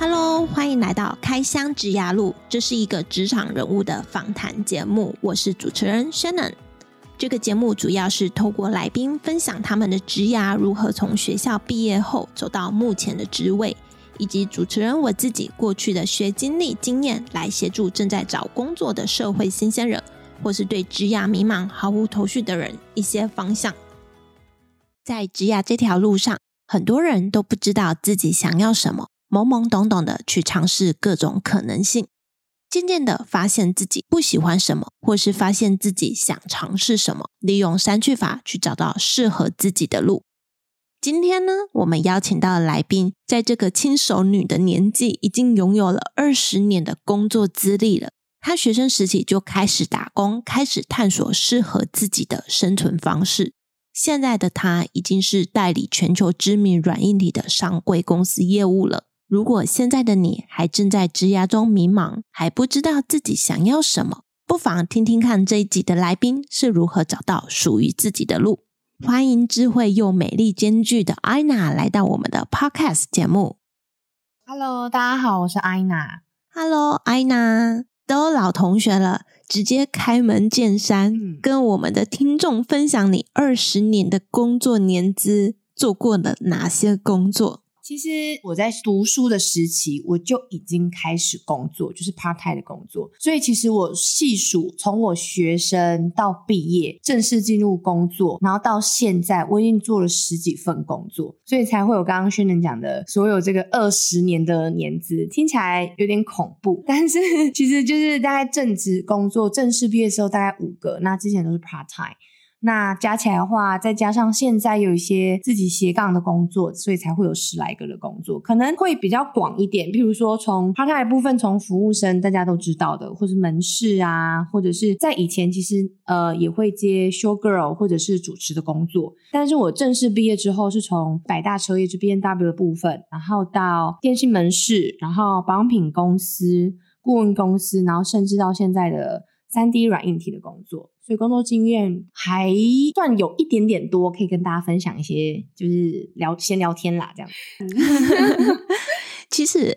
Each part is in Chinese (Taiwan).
哈嘍，歡迎來到開箱職涯路。這是一個職場人物的訪談節目，我是主持人 Shannon。這個節目主要是透過來賓分享他們的職涯如何從學校畢業後走到目前的職位，以及主持人我自己過去的學經歷經驗，來協助正在找工作的社會新鮮人，或是對職涯迷茫毫無頭緒的人一些方向。在職涯這條路上，很多人都不知道自己想要什麼。懵懵懂懂的去嘗試各種可能性，漸漸的發現自己不喜歡什麼，或是發現自己想嘗試什麼，利用刪去法去找到適合自己的路。今天呢，我們邀請到的來賓，在這個輕熟女的年紀，已經擁有了二十年的工作資歷了。她學生時期就開始打工，開始探索適合自己的生存方式。現在的她已經是代理全球知名軟硬體的上櫃公司業務了。如果現在的你還正在職涯中迷茫，還不知道自己想要什麼，不妨聽聽看這一集的來賓是如何找到屬於自己的路。歡迎智慧又美麗兼具的 Aina 來到我們的 Podcast 節目。Hello，大家好，我是 Aina。Hello，Aina，都老同學了，直接開門見山、嗯、跟我們的聽眾分享你二十年的工作年資，做過了哪些工作？其實我在讀書的時期，我就已經開始工作，就是 part time 的工作。所以其實我細數，從我學生到畢業正式進入工作，然後到現在，我已經做了十幾份工作，所以才會有剛剛 Shannon 講的所有這個二十年的年資，聽起來有點恐怖，但是其實就是大概正職工作，正式畢業的時候大概五個，那之前都是 part time。那加起來的話，再加上現在有一些自己斜槓的工作，所以才會有十來個的工作，可能會比較廣一點。譬如說，從 part time 部分，從服務生大家都知道的，或是門市啊，或者是在以前其實呃也會接 show girl 或者是主持的工作。但是我正式畢業之後，是從百大車業就 BMW 的部分，然後到電信門市，然後保養品公司、顧問公司，然後甚至到現在的 3D 軟硬體的工作。所以工作經驗還算有一點點多，可以跟大家分享一些，就是聊先聊天啦，這樣。 其實，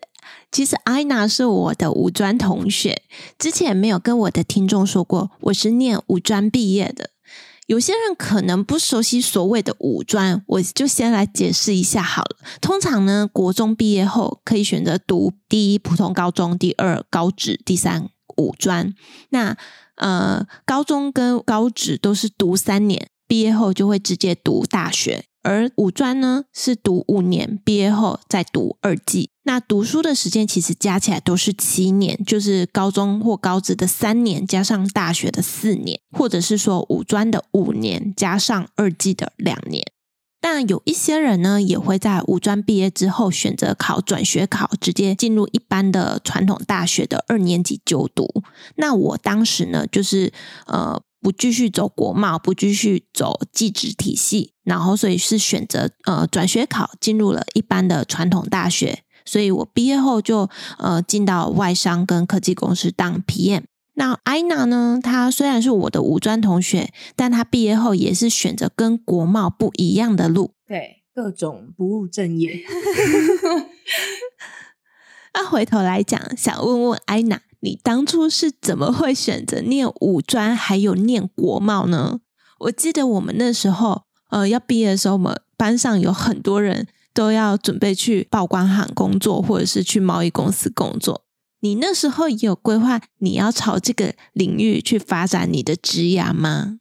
其實 Aina 是我的五專同學，之前沒有跟我的聽眾說過我是念五專畢業的。有些人可能不熟悉所謂的五專，我就先來解釋一下好了。通常呢，國中畢業後可以選擇讀第一普通高中、第二高職、第三五專。那呃，高中跟高職都是讀三年，畢業後就會直接讀大學，而五專呢，是讀五年，畢業後再讀二技。那讀書的時間其實加起來都是七年，就是高中或高職的三年加上大學的四年，或者是說五專的五年加上二技的兩年。但有一些人呢，也會在五專畢業之後選擇考轉學考，直接進入一般的傳統大學的二年級就讀。那我當時呢，就是呃不繼續走國貿，不繼續走技職體系，然後所以是選擇呃轉學考，進入了一般的傳統大學。所以我畢業後就呃進到外商跟科技公司當 PM。那 Aina 呢？她雖然是我的五專同學，但她畢業後也是選擇跟國貿不一樣的路。對，各種不務正業。那 啊、回頭來講，想問問 Aina，你當初是怎麼會選擇念五專，還有念國貿呢？我記得我們那時候，呃，要畢業的時候，我們班上有很多人都要準備去報關行工作，或者是去貿易公司工作。你那時候有規劃你要朝這個領域去發展你的職涯嗎？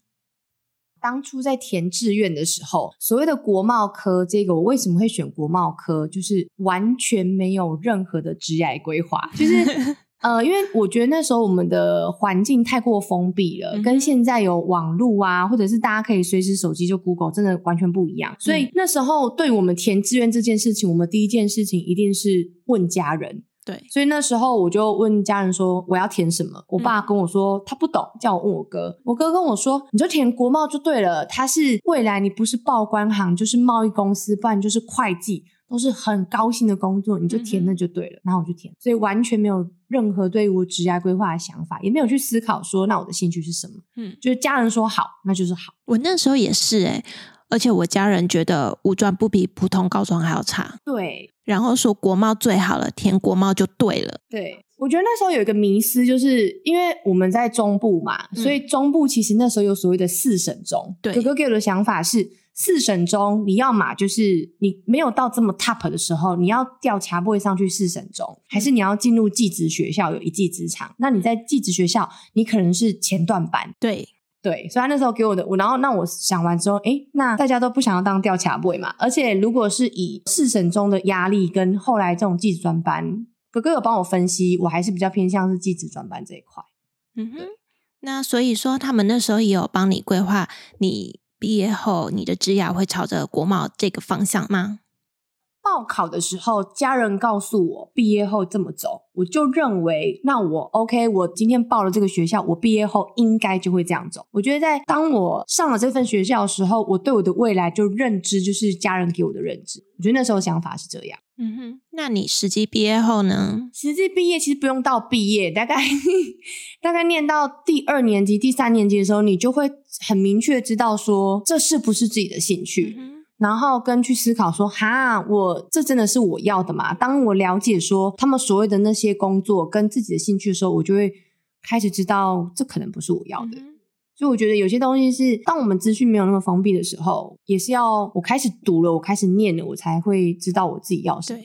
當初在填志願的時候，所謂的國貿科，這個我為什麼會選國貿科，就是完全沒有任何的職業規劃， 就是呃，因為我覺得那時候我們的環境太過封閉了、嗯，跟現在有網路啊，或者是大家可以隨時手機就 Google，真的完全不一樣。嗯、所以那時候對我們填志願這件事情，我們第一件事情一定是問家人。對所以那時候我就問家人說我要填什麼？我爸跟我說他不懂，嗯、叫我問我哥。我哥跟我說你就填國貿就對了。他是未來你不是報關行就是貿易公司，不然就是會計，都是很高薪的工作，你就填那就對了、嗯。然後我就填，所以完全沒有任何對於我職業規劃的想法，也沒有去思考說那我的興趣是什麼。嗯，就是家人說好，那就是好。我那時候也是哎、欸。而且我家人覺得五專，不比普通高中還要差，對。然後說國貿最好了，填國貿就對了。對，我覺得那時候有一個迷思，就是因為我們在中部嘛，嗯，所以中部其實那時候有所謂的四省中。對，哥哥給我的想法是，四省中你要嘛就是你沒有到這麼 top 的時候，你要掉卡位上去四省中，還是你要進入技職學校有一技之長？那你在技職學校，你可能是前段班。對。對，所以他那時候給我的，我然後那我想完之後，誒，那大家都不想要當吊卡位嘛，而且如果是以四省中的壓力跟後來這種技職專班，哥哥有幫我分析，我還是比較偏向是技職專班這一塊。嗯哼，那所以說他們那時候也有幫你規劃，你畢業後你的職涯會朝着國貿這個方向嗎？報考的時候，家人告訴我畢業後這麼走，我就認為那我 OK。我今天報了這個學校，我畢業後應該就會這樣走。我覺得在當我上了這份學校的時候，我對我的未來就認知就是家人給我的認知。我覺得那時候想法是這樣。嗯哼，那你實際畢業後呢？實際畢業其實不用到畢業，大概 大概念到第二年級、第三年級的時候，你就會很明確知道說這是不是自己的興趣。嗯然後跟去思考說，哈，我這真的是我要的嗎？當我了解說他們所謂的那些工作跟自己的興趣的時候，我就會開始知道這可能不是我要的。嗯。所以我覺得有些東西是，當我們資訊沒有那麼封閉的時候，也是要我開始讀了，我開始念了，我才會知道我自己要什麼。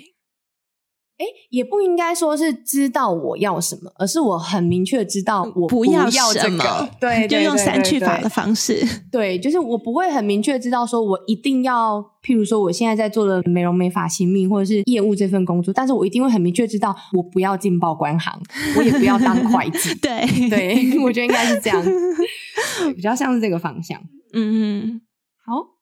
哎，也不應該說是知道我要什麼，而是我很明確知道我不要、這個、不要什麼。對，就用刪去法的方式。對，就是我不會很明確知道，說我一定要，譬如說我現在在做的美容美髮行業，或者是業務這份工作，但是我一定會很明確知道，我不要進報關行，我也不要當會計。 對對，我覺得應該是這樣，比較像是這個方向。嗯，好。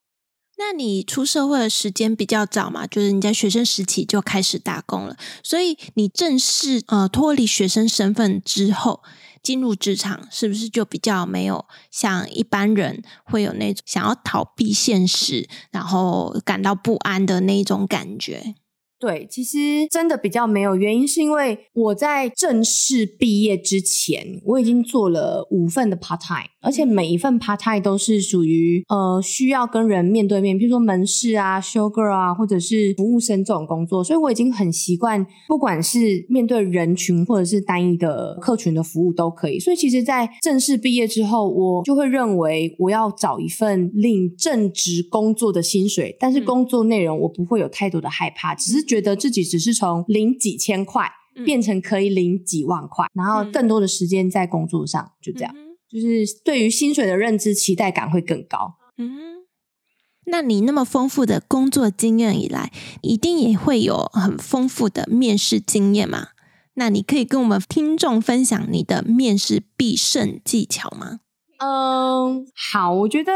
那你出社會的時間比較早嘛，就是你在學生時期就開始打工了，所以你正式呃脫離學生身份之後，進入職場是不是就比較沒有像一般人會有那種想要逃避現實，然後感到不安的那種感覺？對，其實真的比較沒有原因，是因為我在正式畢業之前，我已經做了五份的 part time，而且每一份 part time 都是屬於呃需要跟人面對面，譬如說門市啊、show girl 啊，或者是服務生這種工作，所以我已經很習慣，不管是面對人群或者是單一的客群的服務都可以。所以其實，在正式畢業之後，我就會認為我要找一份領正職工作的薪水，但是工作內容我不會有太多的害怕，只是。覺得自己只是從領幾千塊變成可以領幾萬塊，嗯，然後更多的時間在工作上，就這樣，嗯，就是對於薪水的認知期待感會更高。嗯，那你那麼豐富的工作經驗以來，一定也會有很豐富的面試經驗嘛？那你可以跟我們聽眾分享你的面試必勝技巧嗎？嗯，好，我覺得。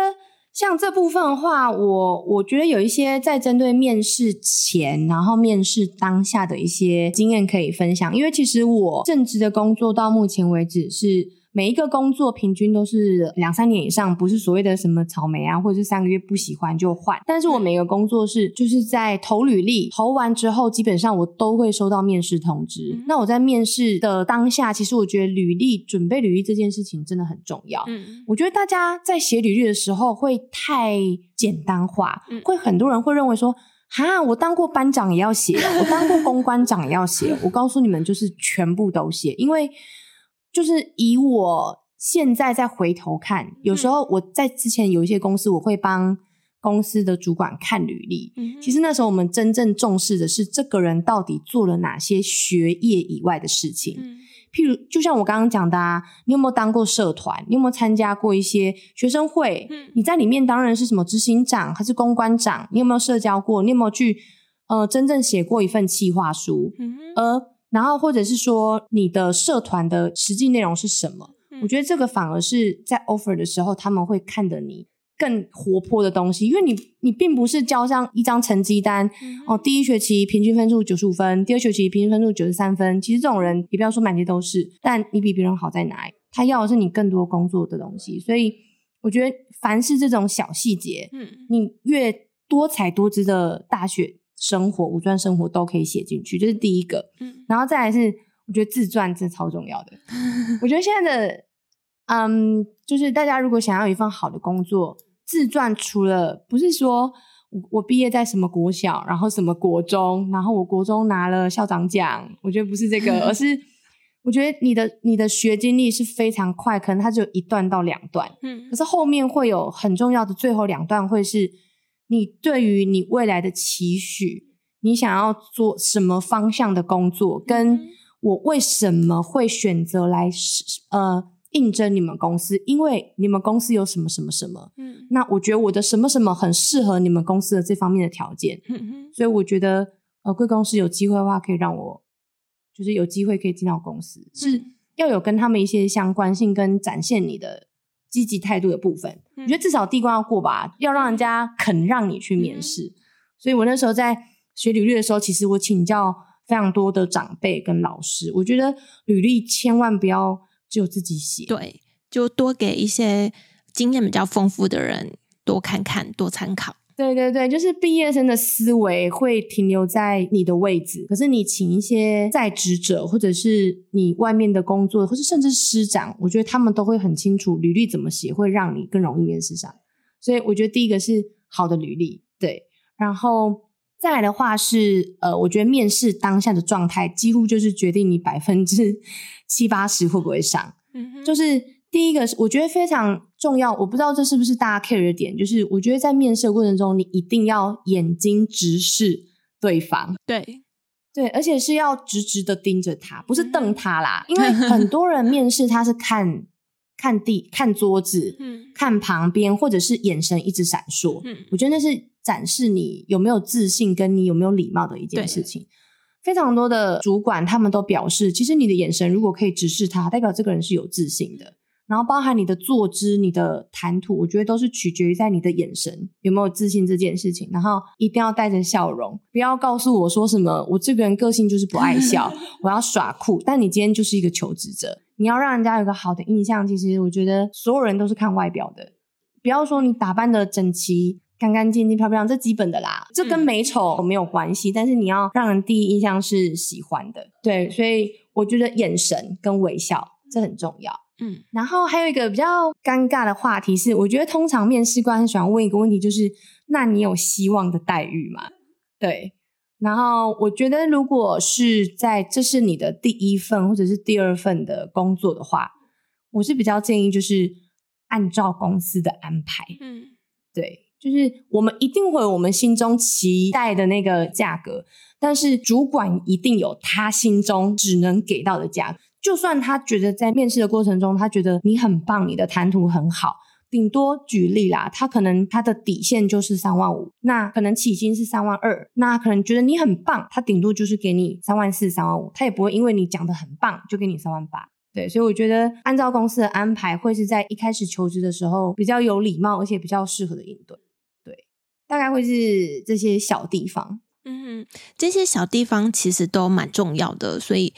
像這部分的話，我我覺得有一些在針對面試前，然後面試當下的一些經驗可以分享。因為其實我正職的工作到目前為止是。每一個工作平均都是兩三年以上，不是所謂的什麼草莓啊，或者是三個月不喜歡就換。但是我每個工作是就是在投履歷，投完之後基本上我都會收到面試通知。嗯、那我在面試的當下，其實我覺得履歷準備履歷這件事情真的很重要，嗯。我覺得大家在寫履歷的時候會太簡單化，會很多人會認為說哈，我當過班長也要寫，啊，我當過公關長也要寫。 我告訴你們，就是全部都寫，因為。就是以我現在再回頭看，有時候我在之前有一些公司，我會幫公司的主管看履歷、嗯。其實那時候我們真正重視的是這個人到底做了哪些學業以外的事情。嗯、譬如，就像我剛剛講的，啊，你有沒有當過社團？你有沒有參加過一些學生會、嗯？你在裡面當然是什麼執行長還是公關長？你有沒有社交過？你有沒有去呃真正寫過一份企劃書？嗯、而然後，或者是說你的社團的實際內容是什麼？嗯、我覺得這個反而是在 offer 的時候他們會看得你更活潑的東西，因為你你並不是交上一張成績單、嗯、哦，第一學期平均分數九十五分，第二學期平均分數九十三分。其實這種人也不要說滿街都是，但你比別人好在哪裡？他要的是你更多工作的東西。所以我覺得，凡是這種小細節，嗯，你越多彩多姿的大學生活、五鑽生活都可以寫進去，這，就是第一個。嗯，然後再來是，嗯、我覺得自傳是超重要的。 我覺得現在的，嗯，就是大家如果想要一份好的工作，自傳除了不是說我我畢業在什麼國小，然後什麼國中，然後我國中拿了校長獎，我覺得不是這個， 而是我覺得你的你的學經歷是非常快，可能它只有一段到兩段，嗯，可是後面會有很重要的最後兩段會是。你對於你未來的期許，你想要做什麼方向的工作？跟我為什麼會選擇來呃應徵你們公司？因為你們公司有什麼什麼什麼？嗯，那我覺得我的什麼什麼很適合你們公司的這方面的條件。嗯，所以我覺得呃貴公司有機會的話，可以讓我就是有機會可以進到公司，是要有跟他們一些相關性跟展現你的。積極態度的部分，你、嗯、覺得至少第一關要過吧，要讓人家肯讓你去面試、嗯。所以我那時候在學履歷的時候，其實我請教非常多的長輩跟老師，我覺得履歷千萬不要只有自己寫，對，就多給一些經驗比較豐富的人多看看，多參考。對對對，就是畢業生的思維會停留在你的位置，可是你請一些在職者，或者是你外面的工作，或是甚至師長，我覺得他們都會很清楚履歷怎麼寫，會讓你更容易面試上。所以我覺得第一個是好的履歷，對，然後再來的話是，呃，我覺得面試當下的狀態幾乎就是決定你百分之七八十會不會上。嗯哼，就是第一個是我覺得非常。重要，我不知道這是不是大家 care 的點，就是我覺得在面試的過程中，你一定要眼睛直視對方，對，對，而且是要直直的盯着他，不是瞪他啦。嗯、因為很多人面試他是看 看地、看桌子、嗯、看旁邊，或者是眼神一直閃爍、嗯。我覺得那是展示你有沒有自信，跟你有沒有禮貌的一件事情。非常多的主管他們都表示，其實你的眼神如果可以直視他，代表這個人是有自信的。然後包含你的坐姿、你的談吐，我覺得都是取決於在你的眼神有沒有自信這件事情。然後一定要帶着笑容，不要告訴我說什麼，我這個人個性就是不愛笑， 我要耍酷。但你今天就是一個求職者，你要讓人家有個好的印象。其實我覺得所有人都是看外表的，不要說你打扮的整齊、乾乾淨淨、漂漂亮，這基本的啦，這跟美醜沒有關係。但是你要讓人第一印象是喜歡的，對。所以我覺得眼神跟微笑這很重要。嗯，然後還有一個比較尷尬的話題是，我覺得通常面試官喜歡問一個問題，就是“那你有希望的待遇嗎？”對。然後我覺得，如果是在這是你的第一份或者是第二份的工作的話，我是比較建議就是按照公司的安排。嗯，對，就是我們一定會有我們心中期待的那個價格，但是主管一定有他心中只能給到的價格。就算他覺得在面試的過程中，他覺得你很棒，你的談吐很好，頂多舉例啦，他可能他的底線就是三萬五，那可能起薪是三萬二，那可能覺得你很棒，他頂多就是給你三萬四、三萬五，他也不會因為你講得很棒就給你三萬八。對，所以我覺得按照公司的安排，會是在一開始求職的時候比較有禮貌，而且比較適合的應對。對，大概會是這些小地方。嗯哼，這些小地方其實都蠻重要的，所以。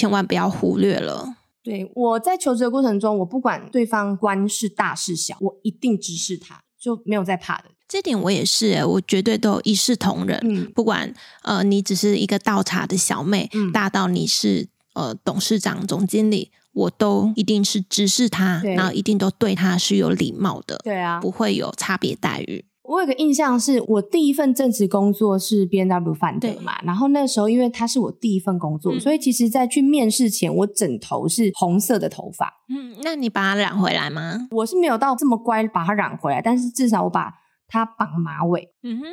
千萬不要忽略了。對，我在求職的過程中，我不管對方官是大是小，我一定直視他，就沒有在怕的。這點我也是、欸，我絕對都一視同仁。嗯、不管呃，你只是一個倒茶的小妹，嗯、大到你是呃董事長、總經理，我都一定是直視他、嗯，然後一定都對他是有禮貌的。對啊，不會有差別待遇。我有一個印象是，是我第一份正職工作是 BMW 汎德嘛，對，然後那時候，因為他是我第一份工作，嗯、所以其實在去面試前，我整頭是紅色的頭髮。嗯，那你把它染回來嗎？我是沒有到這麼乖把它染回來，但是至少我把它綁馬尾。嗯哼，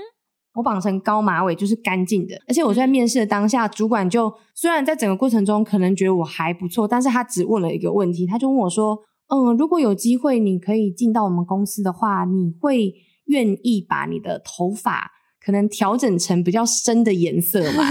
我綁成高馬尾就是乾淨的，而且我在面試的當下，嗯、主管就雖然在整個過程中可能覺得我還不錯，但是他只問了一個問題，他就問我說：“嗯，如果有機會你可以進到我們公司的話，你會？”願意把你的頭髮可能調整成比較深的顏色嘛？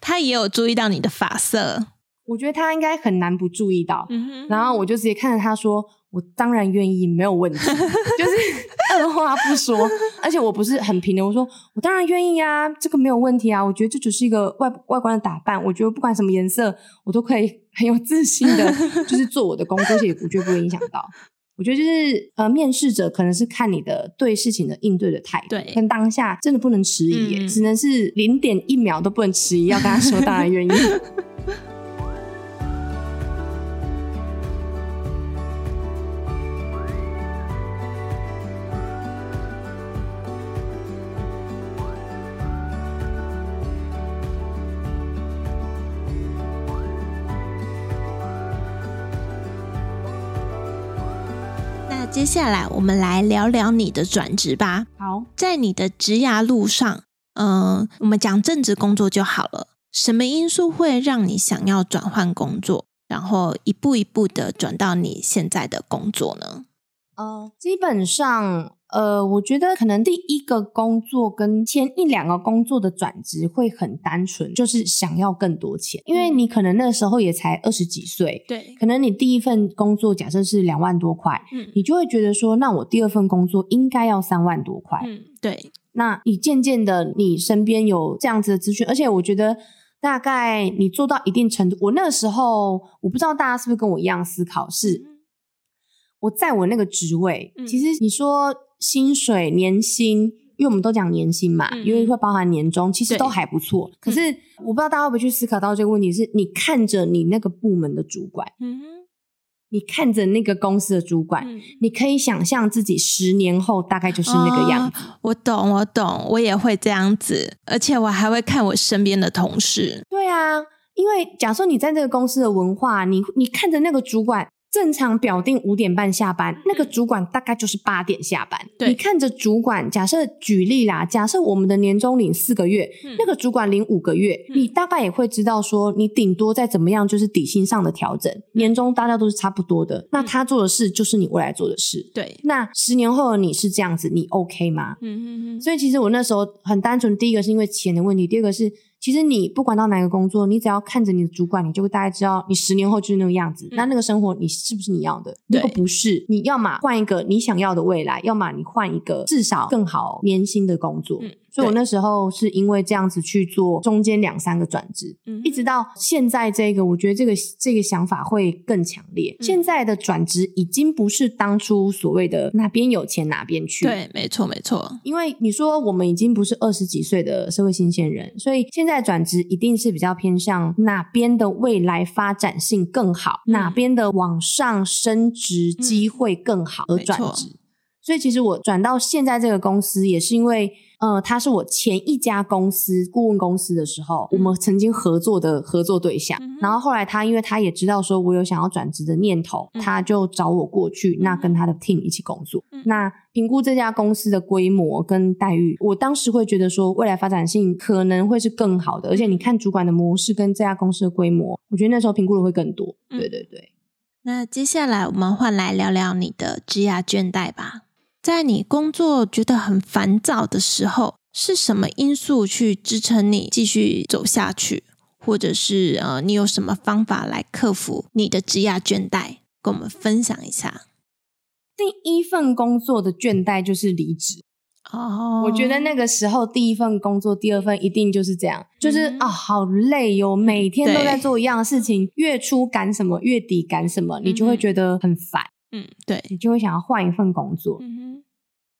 他也有注意到你的髮色，我覺得他應該很難不注意到。嗯、然後我就直接看着他說：“我當然願意，沒有問題。 ”就是二話不說，而且我不是很平的。我說：“我當然願意啊，這個沒有問題啊。我覺得這只是一個外外觀的打扮，我覺得不管什麼顏色，我都可以很有自信的，就是做我的工作， 而且我絕不會影響到。”我覺得就是呃，面試者可能是看你的對事情的應對的態度，對，跟當下真的不能遲疑耶。嗯嗯，只能是零點一秒都不能遲疑，要跟他說當然願意。 接下來我們來聊聊你的轉職吧。好，在你的職涯路上，嗯、呃，我們講正職工作就好了。什麼因素會讓你想要轉換工作，然後一步一步的轉到你現在的工作呢？嗯、呃，基本上。呃，我覺得可能第一個工作跟前一兩個工作的轉職會很單純，就是想要更多錢，因為你可能那時候也才二十幾歲，對、嗯，可能你第一份工作假設是兩萬多塊，嗯，你就會覺得說，那我第二份工作應該要三萬多塊，嗯，對。那你漸漸的，你身邊有這樣子的資訊，而且我覺得大概你做到一定程度，我那個時候，我不知道大家是不是跟我一樣思考，是我在我那個職位，其實你說。薪水、年薪，因為我們都講年薪嘛，嗯嗯，因為會包含年終，其實都還不錯。可是我不知道大家會不會去思考到這個問題是：是你看着你那個部門的主管，嗯哼，你看着那個公司的主管，嗯、你可以想象自己十年後大概就是那個樣子。哦，我懂，我懂，我也會這樣子，而且我還會看我身邊的同事。對啊，因為假設你在那個公司的文化，你你看着那個主管，正常表定五點半下班、嗯，那個主管大概就是八點下班。對，你看着主管，假設舉例啦，假設我們的年終領四個月、嗯，那個主管領五個月、嗯，你大概也會知道說，你頂多再怎麼樣，就是底薪上的調整。嗯、年終大家都是差不多的、嗯，那他做的事就是你未來做的事。對，那十年後的你是這樣子，你 OK 嗎？嗯嗯嗯。所以其實我那時候很單純，第一個是因為錢的問題，第二個是。其實你不管到哪個工作，你只要看着你的主管，你就會大概知道你十年後就是那個樣子。那那個生活，你是不是你要的？嗯。如果不是，你要麼換一個你想要的未來，要麼你換一個至少更好年薪的工作。嗯所以，我那時候是因為這樣子去做中間兩三個轉職，一直到現在這個，我覺得這個這個想法會更強烈，嗯。現在的轉職已經不是當初所謂的哪邊有錢哪邊去，對，沒錯沒錯。因為你說我們已經不是二十幾歲的社會新鮮人，所以現在轉職一定是比較偏向哪邊的未來發展性更好，嗯，哪邊的往上升職機會更好而轉職。嗯、所以，其實我轉到現在這個公司也是因為。呃，他是我前一家公司顧問公司的時候、嗯，我們曾經合作的合作對象、嗯。然後後來他因為他也知道說我有想要轉職的念頭，嗯、他就找我過去、嗯，那跟他的 team 一起工作、嗯。那評估這家公司的規模跟待遇，我當時會覺得說未來發展性可能會是更好的。而且你看主管的模式跟這家公司的規模，我覺得那時候評估的會更多。嗯、對對對，那接下來我們換來聊聊你的職涯倦怠吧。在你工作覺得很煩躁的時候，是什麼因素去支撐你繼續走下去？或者是呃，你有什麼方法來克服你的職業倦怠？跟我們分享一下。第一份工作的倦怠就是離職哦。Oh. 我覺得那個時候，第一份工作，第二份一定就是這樣，就是、mm -hmm. 啊，好累喲、哦，每天都在做一樣的事情，mm -hmm. 月初趕什麼，月底趕什麼，你就會覺得很煩。嗯，對，你就會想要換一份工作。Mm -hmm.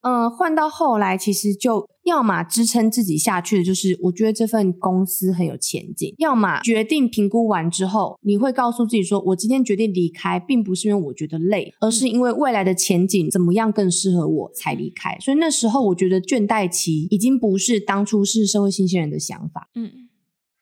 嗯，換到後來，其實就要麼支撐自己下去的，就是我覺得這份公司很有前景；要麼決定評估完之後，你會告訴自己說：“我今天決定離開，並不是因為我覺得累，而是因為未來的前景怎麼樣更適合我才離開。”嗯，所以那時候，我覺得倦怠期已經不是當初是社會新鮮人的想法。嗯，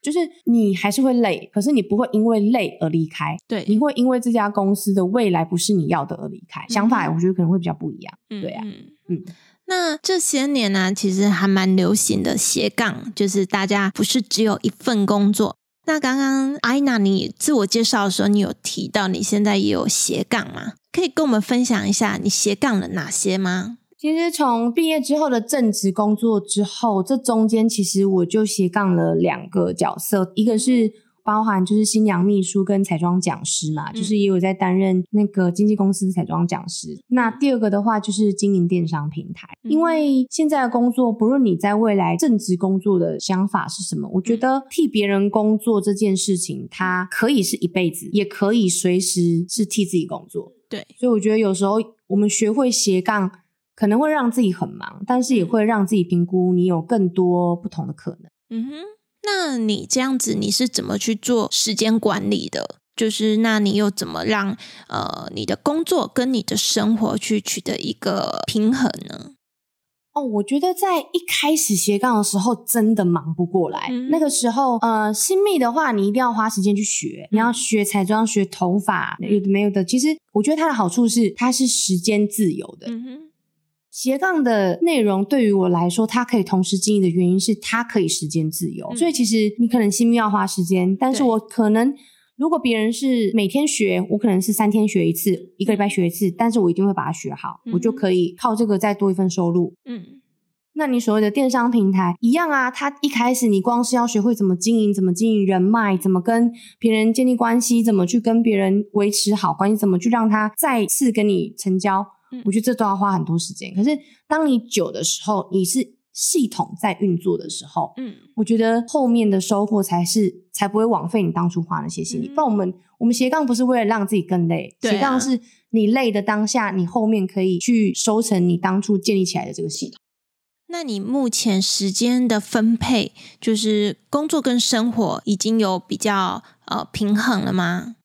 就是你還是會累，可是你不會因為累而離開。對，你會因為這家公司的未來不是你要的而離開。嗯嗯，想法我覺得可能會比較不一樣。嗯嗯。對啊。嗯，那這些年呢、啊，其實還蠻流行的斜槓，就是大家不是只有一份工作。那剛剛 Aina 你自我介紹的時候，你有提到你現在也有斜槓嗎？可以跟我們分享一下你斜槓了哪些嗎？其實從畢業之後的正職工作之後，這中間其實我就斜槓了兩個角色，一個是。包含就是新娘秘書跟彩妝講師嘛、嗯，就是也有在擔任那個經紀公司彩妝講師、嗯。那第二個的話就是經營電商平台、嗯，因為現在的工作，不論你在未來正職工作的想法是什麼，我覺得替別人工作這件事情，嗯、它可以是一輩子，也可以隨時是替自己工作。對，所以我覺得有時候我們學會斜槓，可能會讓自己很忙，但是也會讓自己評估你有更多不同的可能。嗯哼。那你這樣子你是怎麼去做時間管理的？就是那你又怎麼讓呃你的工作跟你的生活去取得一個平衡呢？哦，我覺得在一開始斜槓的時候真的忙不過來，mm -hmm. 那個時候呃新秘的話你一定要花時間去學，mm -hmm. 你要學彩妝、學頭髮，有的沒有的？其實我覺得它的好處是它是時間自由的。Mm -hmm. 斜槓的內容對於我來說，它可以同時經營的原因是它可以時間自由、嗯。所以其實你可能心裡要花時間，但是我可能如果別人是每天學，我可能是三天學一次，嗯、一個禮拜學一次，但是我一定會把它學好、嗯，我就可以靠這個再多一份收入。嗯，那你所謂的電商平台一樣啊，它一開始你光是要學會怎麼經營，怎麼經營人脈，怎麼跟別人建立關係，怎麼去跟別人維持好關係，怎麼去讓他再次跟你成交。我覺得這都要花很多時間，可是當你久的時候，你是系統在運作的時候，嗯，我覺得後面的收穫才是，才不會枉費你當初花那些心理那、嗯、我們我們斜槓不是為了讓自己更累對、啊，斜槓是你累的當下，你後面可以去收成你當初建立起來的這個系統。那你目前時間的分配，就是工作跟生活已經有比較，呃，平衡了嗎？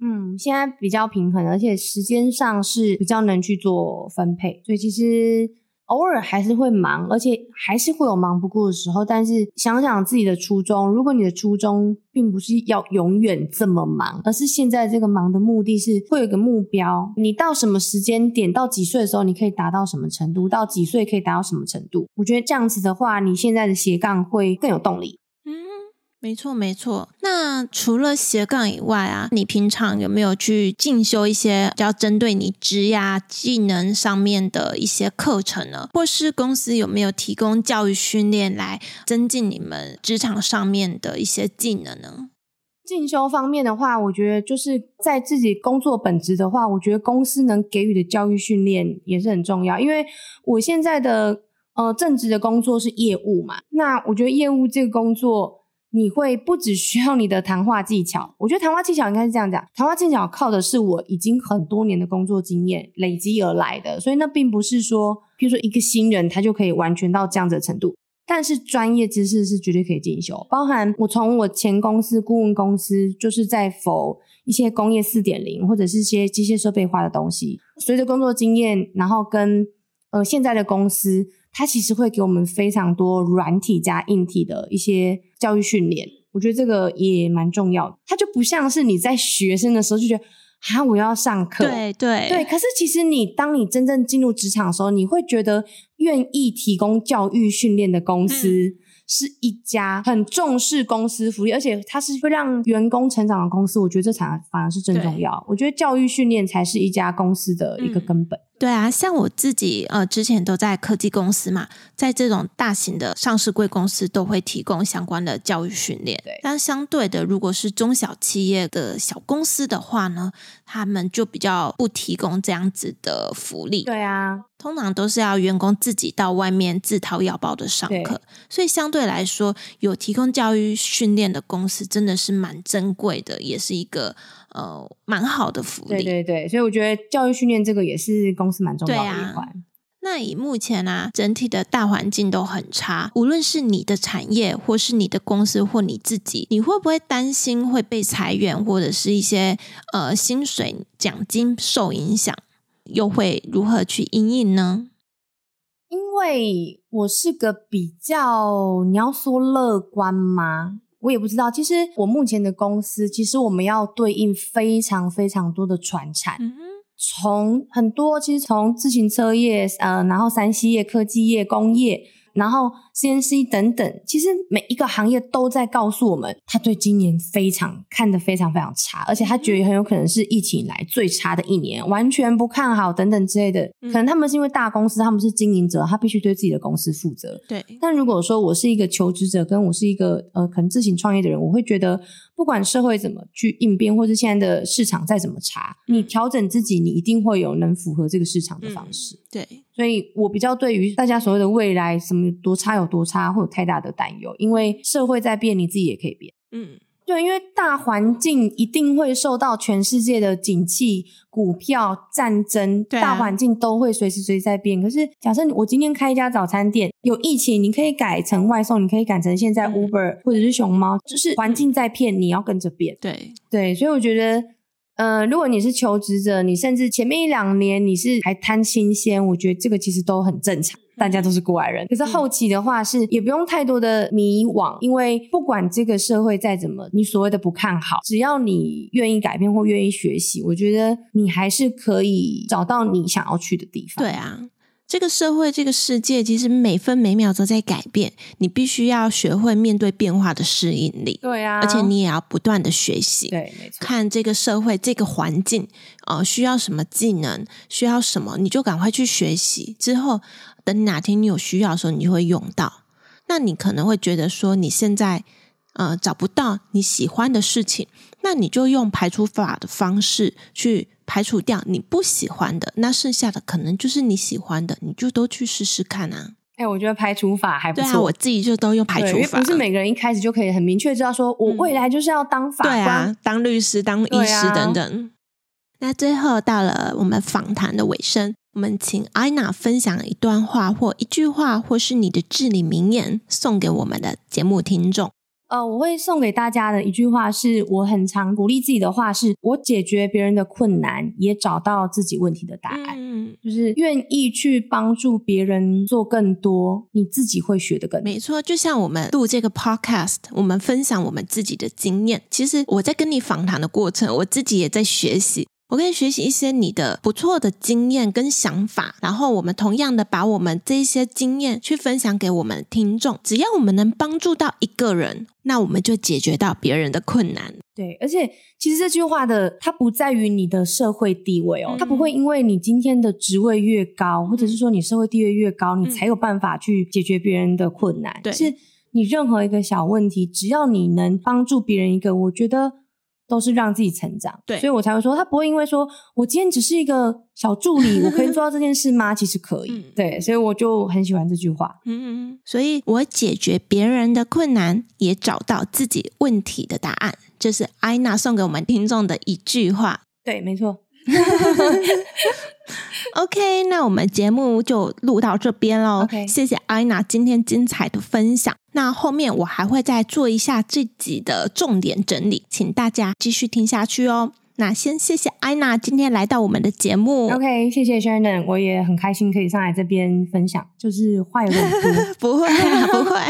嗯，現在比較平衡，而且時間上是比較能去做分配，所以其實偶爾還是會忙，而且還是會有忙不過的時候。但是想想自己的初衷，如果你的初衷並不是要永遠這麼忙，而是現在這個忙的目的是會有一個目標，你到什麼時間點，到幾歲的時候你可以達到什麼程度，到幾歲可以達到什麼程度，我覺得這樣子的話，你現在的斜槓會更有動力。沒錯，沒錯。那除了斜槓以外啊，你平常有沒有去進修一些比較針對你職涯、技能上面的一些課程呢？或是公司有沒有提供教育訓練來增進你們職場上面的一些技能呢？進修方面的話，我覺得就是在自己工作本職的話，我覺得公司能給予的教育訓練也是很重要。因為我現在的呃正職的工作是業務嘛，那我覺得業務這個工作。你會不只需要你的談話技巧，我覺得談話技巧應該是這樣講，談話技巧靠的是我已經很多年的工作經驗累積而來的，所以那並不是說，比如說一個新人他就可以完全到這樣子的程度，但是專業知識是絕對可以進修，包含我從我前公司顧問公司，就是在否一些工業四點零或者是一些機械設備化的東西，隨着工作經驗，然後跟呃現在的公司。它其實會給我們非常多軟體加硬體的一些教育訓練，我覺得這個也蠻重要的。它就不像是你在學生的時候就覺得，啊，我要上課，對對對。可是其實你當你真正進入職場的時候，你會覺得願意提供教育訓練的公司，嗯，是一家很重視公司福利，而且它是會讓員工成長的公司。我覺得這才反而是最重要。我覺得教育訓練才是一家公司的一個根本。嗯對啊，像我自己呃，之前都在科技公司嘛，在這種大型的上市櫃公司都會提供相關的教育訓練。但相對的，如果是中小企業的小公司的話呢，他們就比較不提供這樣子的福利。對啊，通常都是要員工自己到外面自掏腰包的上課。所以相對來說，有提供教育訓練的公司真的是蠻珍貴的，也是一個。呃，蠻好的福利，對對對，所以我覺得教育訓練這個也是公司蠻重要的一環，啊。那以目前啊，整體的大環境都很差，無論是你的產業，或是你的公司，或你自己，你會不會擔心會被裁員，或者是一些呃薪水獎金受影響？又會如何去因應呢？因為我是個比較，你要說樂觀嗎？我也不知道，其實我目前的公司，其實我們要對應非常非常多的傳產，嗯、從很多，其實從自行車業，呃，然後 3C 業、科技業、工業，然後。CNC 等等，其實每一個行業都在告訴我們，他對今年非常看得非常非常差，而且他覺得很有可能是疫情以來最差的一年，完全不看好等等之類的，嗯。可能他們是因為大公司，他們是經營者，他必須對自己的公司負責。對。但如果說我是一個求職者，跟我是一個呃，可能自行創業的人，我會覺得不管社會怎麼去應變，或者現在的市場再怎麼差，嗯，你調整自己，你一定會有能符合這個市場的方式。嗯、對。所以我比較對於大家所謂的未來什麼多差有多差會有太大的擔憂，因為社會在變，你自己也可以變。嗯，對，因為大環境一定會受到全世界的景氣、股票、戰爭，啊、大環境都會隨時隨地在變。可是，假設我今天開一家早餐店，有疫情，你可以改成外送，你可以改成現在 Uber、嗯、或者是熊貓，就是環境在變，你要跟着變。對對，所以我覺得，呃，如果你是求職者，你甚至前面一兩年你是還貪新鮮，我覺得這個其實都很正常。大家都是過來人，可是後期的話是也不用太多的迷惘，嗯、因為不管這個社會再怎麼，你所謂的不看好，只要你願意改變或願意學習，我覺得你還是可以找到你想要去的地方。對啊，這個社會這個世界其實每分每秒都在改變，你必須要學會面對變化的適應力。對啊，而且你也要不斷的學習。對，沒錯，看這個社會這個環境啊、呃，需要什麼技能，需要什麼，你就趕快去學習之後。等哪天你有需要的時候，你就會用到。那你可能會覺得說，你現在呃找不到你喜歡的事情，那你就用排除法的方式去排除掉你不喜歡的，那剩下的可能就是你喜歡的，你就都去試試看啊。哎、欸，我覺得排除法還不錯、啊。我自己就都用排除法，因為不是每個人一開始就可以很明確知道，說我未來就是要當法官、嗯，對啊，當律師、當醫師等等。啊、那最後到了我們訪談的尾聲。我們請 Aina 分享一段話或一句話，或是你的至理名言，送給我們的節目聽眾。呃，我會送給大家的一句話是我很常鼓勵自己的話是，是我解決別人的困難，也找到自己問題的答案。嗯，就是願意去幫助別人做更多，你自己會學得更多。沒錯，就像我們錄這個 podcast，我們分享我們自己的經驗。其實我在跟你訪談的過程，我自己也在學習。我可以學習一些你的不錯的經驗跟想法，然後我們同樣的把我們這些經驗去分享給我們聽眾。只要我們能幫助到一個人，那我們就解決到別人的困難。對，而且其實這句話的它不在於你的社會地位哦，喔，嗯，它不會因為你今天的職位越高，或者是說你社會地位越高，嗯，你才有辦法去解決別人的困難。對，就是你任何一個小問題，只要你能幫助別人一個，我覺得。都是讓自己成長，對，所以我才會說，他不會因為說我今天只是一個小助理， 我可以做到這件事嗎？其實可以，嗯、對，所以我就很喜歡這句話，嗯嗯嗯，所以我解決別人的困難，也找到自己問題的答案，這、就是 Aina 送給我們聽眾的一句話，對，沒錯。 OK，那我們節目就錄到這邊嘍。Okay. 謝謝 Aina 今天精彩的分享。那後面我還會再做一下自己的重點整理，請大家繼續聽下去哦。那先謝謝 Aina 今天來到我們的節目。OK，謝謝 Shannon，我也很開心可以上來這邊分享，就是話有點多， 不會啊， 不會，不會。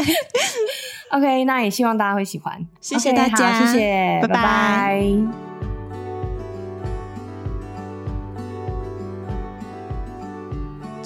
OK，那也希望大家會喜歡。謝、okay, 謝、okay, 大家，謝謝，拜拜。拜拜。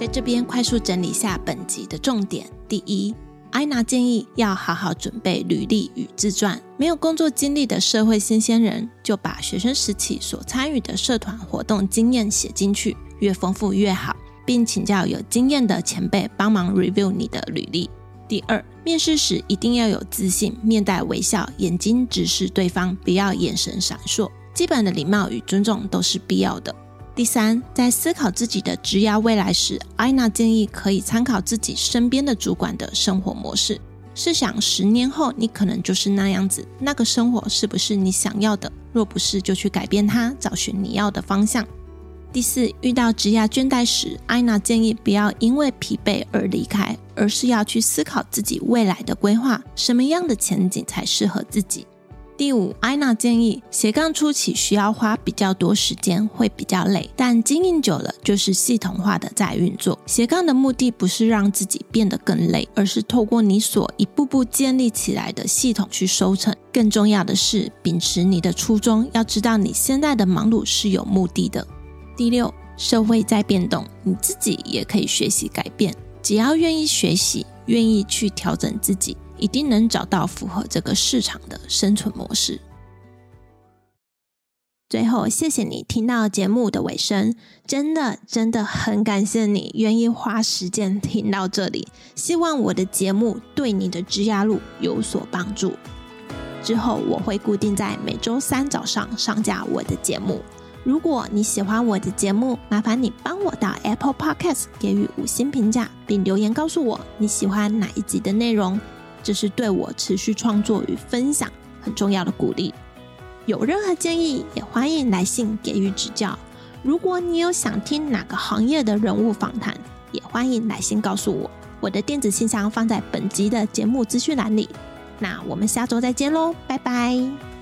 在這邊快速整理下本集的重點：第一，Aina 建議要好好準備履歷與自傳。沒有工作經歷的社會新鮮人，就把學生時期所參與的社團活動經驗寫進去，越豐富越好，並請教有經驗的前輩幫忙 review 你的履歷。第二，面試時一定要有自信，面帶微笑，眼睛直視對方，不要眼神閃爍。基本的禮貌與尊重都是必要的。第三，在思考自己的職涯未來時，艾娜建議可以參考自己身邊的主管的生活模式。試想，十年後你可能就是那樣子，那個生活是不是你想要的？若不是，就去改變它，找尋你要的方向。第四，遇到職涯倦怠時，艾娜建議不要因為疲憊而離開，而是要去思考自己未來的規劃，什麼樣的前景才適合自己。第五，Aina 建議斜槓初期需要花比較多時間，會比較累，但經營久了就是系統化的在運作。斜槓的目的不是讓自己變得更累，而是透過你所一步步建立起來的系統去收成。更重要的是，秉持你的初衷，要知道你現在的忙碌是有目的的。第六，社會在變動，你自己也可以學習改變，只要願意學習，願意去調整自己。一定能找到符合這個市場的生存模式。最後，謝謝你聽到節目的尾聲，真的真的很感謝你願意花時間聽到這裡。希望我的節目對你的職涯路有所幫助。之後我會固定在每周三早上上架我的節目。如果你喜歡我的節目，麻煩你幫我到 Apple Podcast 給予五星評價，並留言告訴我你喜歡哪一集的內容。這是對我持續創作與分享很重要的鼓勵。有任何建議，也歡迎來信給予指教。如果你有想聽哪個行業的人物訪談，也歡迎來信告訴我。我的電子信箱放在本集的節目資訊欄裡。那我們下週再見嘍，拜拜。